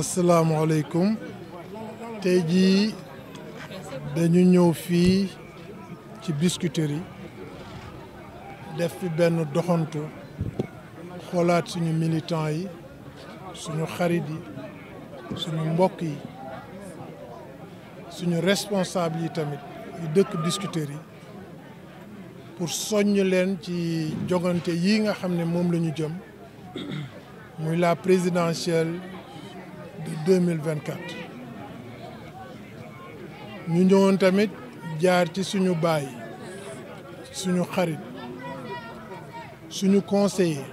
asalaamaaleykum tey jii dañu ñëw fii ci Biscuiterie yi def fi benn doxantu xoolaat suñu militants yi suñu xarit yi suñu mbokk yi suñu responsable yi tamit yu dëkk Biscuiterie yi pour soññ leen ci jogante yi nga xam ne moom la ñu jëm muy la présidentielle de mille vingt quatre ñu ñëwoon tamit jaar ci suñu baay suñu xarit suñu conseiller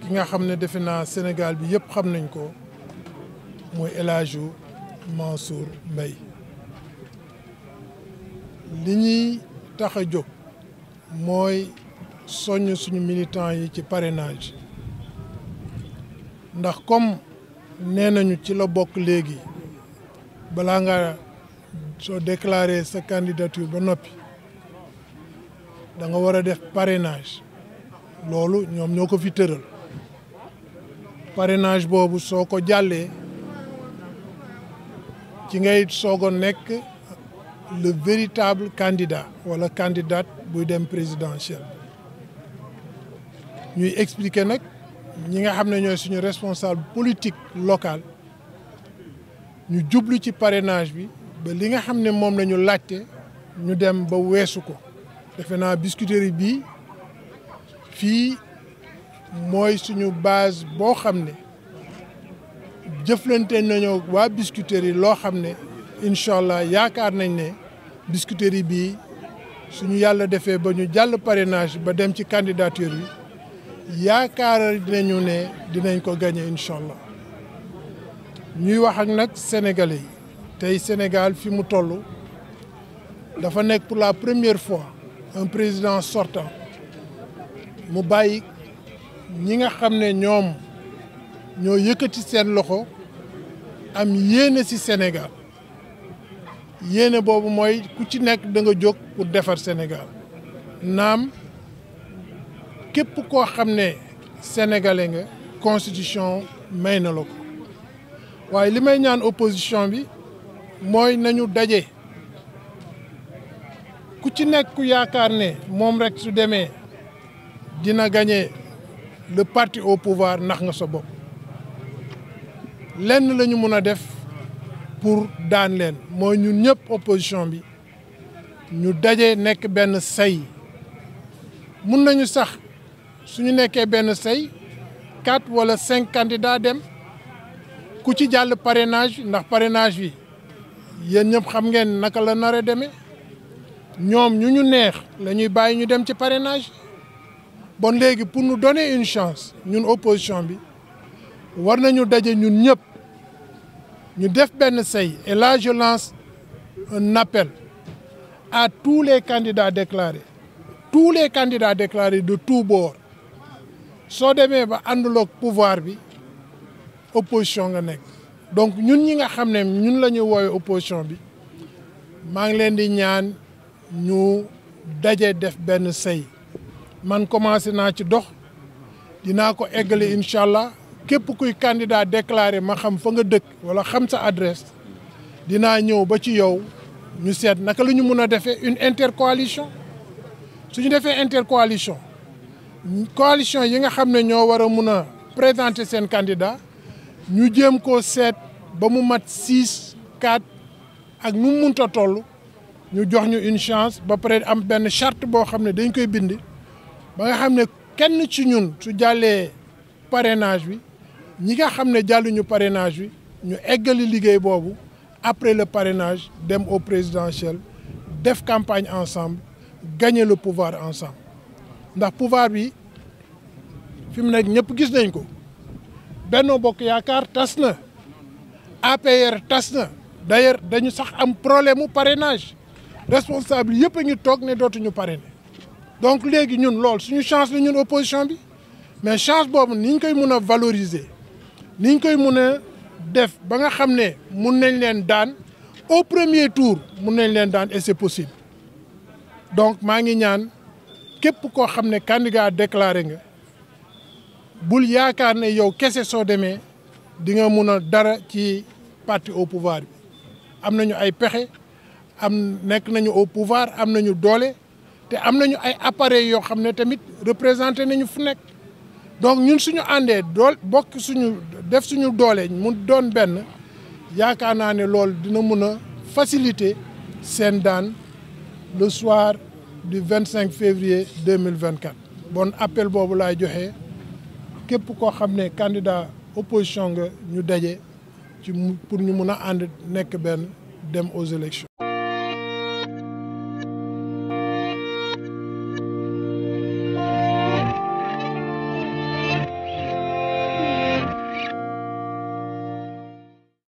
ki nga xam ne defe naa Sénégal bi yëpp xam nañ ko muy El Hadj Mansour Mbaye li ñuy tax a jóg mooy soñ suñu militants yi ci parrainage ndax comme nee nañu ci la bokk léegi balaa nga soo déclaree sa candidature ba noppi da nga war a def parrainage loolu ñoom ñoo ko fi tëral parrainage boobu soo ko jàllee ci ngay soog a nekk le véritable candidat wala kandidaat buy dem présidentielle ñuy expliquer nag ñi nga xam ne ñooy suñu responsable politique locale ñu jublu ci parenage bi ba li nga xam ne moom lañu ñu laajte ñu dem ba weesu ko defe naa Biscuiterie bi fii mooy suñu base boo xam ne jëflante nañoo waa Biscuiterie loo xam ne incha allah yaakaar nañ ne Biscuiterie bi suñu yàlla defee ba ñu jàll parenage ba dem ci candidature bi yaakaar nañu ne dinañ ko gagné incha allah ñuy wax ak nag sénégalais tey Sénégal fi mu tollu dafa nekk pour la première fois un président sortant mu bàyyi ñi nga xam ne ñoom ñoo yëkkati seen loxo am yéene ci Sénégal yéene boobu mooy ku ci nekk danga jóg pour defar Sénégal naam. képp koo xam ne sénégalais nga constitution may na la waaye li may ñaan opposition bi mooy nañu daje ku ci nekk ku yaakaar ne moom rek su demee dina gagné le parti au pouvoir nax nga sa bopp lenn la ñu mun a def pour daan leen mooy ñu ñëpp opposition bi ñu daje nekk benn say mun nañu sax su ñu nekkee benn say quatre wala cinq candidats dem ku ci jàll parenage ndax parrainage bi yéen ñëpp xam ngeen naka la nar deme ñoom ñu ñu neex la ñuy bàyyi ñu dem ci parenage bon léegi pour nous donner une chance ñun opposition bi war nañu daje ñun ñëpp ñu def benn say et là je lance un appel à tous les candidats déclarés tous les candidats déclarés de tous boor soo demee ba ànduloog pouvoir bi opposition nga nekk donc ñun ñi nga xam ne ñun la ñu woowee opposition bi maa ngi leen di ñaan ñu daje def benn sey man commencé naa ci dox dinaa ko eggale incha allah képp kuy kandidaa déclaré ma xam fa nga dëkk wala xam sa adres dinaa ñëw ba ci yow ñu seet naka la ñu mun a defee une intercoalition su ñu defee intercoalition coalition yi nga xam ne ñoo war a mun a présenter seen candidat ñu jéem koo seet ba mu mat six quatre ak nu mu munta toll ñu jox ñu une ba pare am benn charte boo xam ne dañ koy bindi ba nga xam ne kenn ci ñun su jàllee parrainage bi ñi nga xam ne jàlluñu parrainage bi ñu eggali liggéey boobu après le parrainage dem au présidentiel def campagne ensemble gagner le pouvoir ensemble ndax pouvoir bi fi mu nekk ñëpp gis nañ ko benn Bokk Yaakaar tas na APR tas na d'ailleurs dañu sax am problème mu parrainage responsable yëpp a ngi toog ne dootuñu parrainer donc léegi ñun lool suñu chance la ñun opposition bi mais chance boobu ni koy mun a valoriser niñ koy mun a def ba nga xam ne mun nañ leen daan au premier tour mun nañ leen daan et c'est possible donc maa ngi ñaan. képp koo xam ne candidat déclaré nga bul yaakaar ne yow kese soo demee dinga mun a dara ci parti au pouvoir bi am nañu ay pexe am nekk nañu au pouvoir am nañu doole te am nañu ay appareils yoo xam ne tamit représenter nañu fu nekk donc ñun suñu àndee dool bokk suñu def suñu doole mu doon benn yaakaar naa ne loolu dina mun a facilité seen daan le soir du 25 février 2024 bon appel boobu laay joxe képp koo xam ne candidat opposition nga ñu daje ci pour ñu mun a ànd nekk benn dem aux élections